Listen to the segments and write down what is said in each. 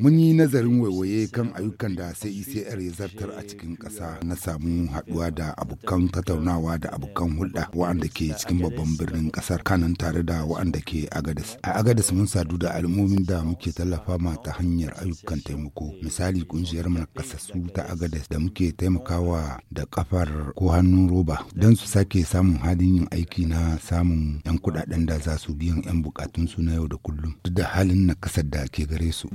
Mun yi nazarin waiwaye kan ayyukan da CICR e ya zartar a cikin ƙasa na samu haɗuwa da abokan tattaunawa da abokan hulɗa waɗanda ke cikin babban birnin ƙasar kanan tare da waɗanda ke Agadis. A Agadis mun sadu da al'ummomin da muke tallafa ma ta hanyar ayyukan taimako. Misali ƙungiyar nakasassu ta Agadis da muke taimakawa da kafar ko hannun roba don su sake samun halin yin aiki na samun 'yan kuɗaɗen da za su biyan 'yan bukatunsu na yau da kullum duk da halin na kasar da ke gare su. su.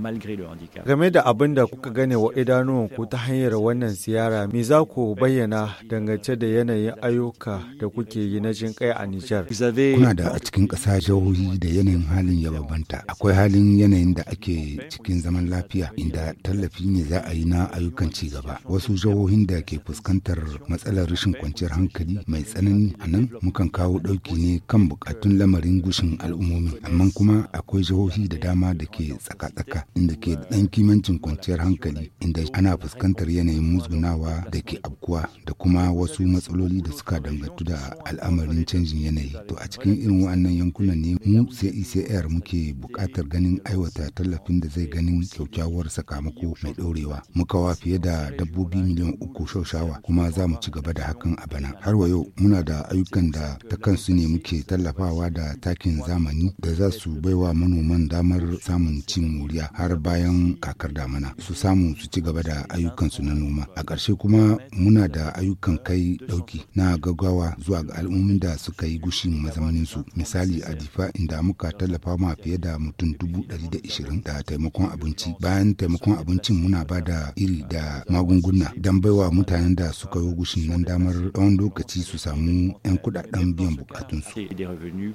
Game da abin da kuka gane wa idanuwan ku ta hanyar wannan ziyara, me za ku bayyana dangance da yanayin ayyuka da kuke yi na jin kai a Nijar? Kuna da a cikin ƙasa jihohi da yanayin halin ya babanta. Akwai halin yanayin da ake cikin zaman lafiya inda tallafi ne za a yi na ayyukan ci gaba. Wasu jihohin da ke fuskantar matsalar rashin kwanciyar hankali mai tsanani a nan mukan kawo ɗauki ne kan buƙatun lamarin gushin al'ummomi. Amma kuma akwai jihohi da dama da ke tsaka-tsaka haka inda ke da ɗan kimancin kwanciyar hankali inda ana fuskantar yanayin musgunawa da ke abkuwa da kuma wasu matsaloli da suka dangantu da al'amarin canjin yanayi to a cikin irin wa'annan yankunan ne mu CICR e muke buƙatar ganin aiwata tallafin da zai ganin kyakkyawar sakamako mai ɗorewa mukawa fiye da dabbobi miliyan uku shaushawa kuma za mu ci gaba da hakan a bana har wa yau muna da ayyukan da ta kansu ne muke tallafawa da takin zamani da za su baiwa manoman damar samun cin wuri biya har bayan kakar damana su samu su ci gaba da ayyukansu na noma a ƙarshe kuma muna da ayyukan kai ɗauki na gaggawa zuwa ga al'ummin da suka yi gushin mazamanin su misali a difa inda muka tallafa ma fiye da mutum dubu ɗari da ishirin da taimakon abinci bayan taimakon abincin muna ba da iri da magunguna don baiwa mutanen da suka yi gushin nan damar tsawon lokaci su samu 'yan kuɗaɗen biyan bukatunsu.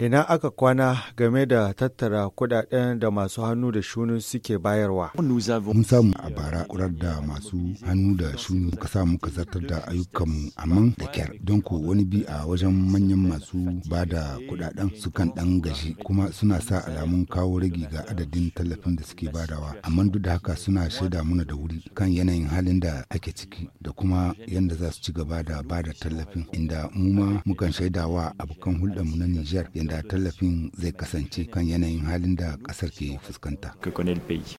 Ina aka kwana game da tattara kuɗaɗen da masu hannu da shunin suke bayarwa. Mun samu a bara kurar da masu hannu da shuni ka sa muka zartar da ayyukanmu amman da kyar don ko wani bi a wajen manyan masu ba da kudaden sukan dan gaji kuma suna sa alamun kawo ragi ga adadin tallafin da suke badawa amma duk da haka suna shaida muna da wuri kan yanayin halin da ake ciki da kuma yadda za su ci gaba da ba da tallafin inda mu ma mukan shaida wa abokan hulɗarmu na Nijar yadda tallafin zai kasance kan yanayin halin da kasar ke fuskanta. pays.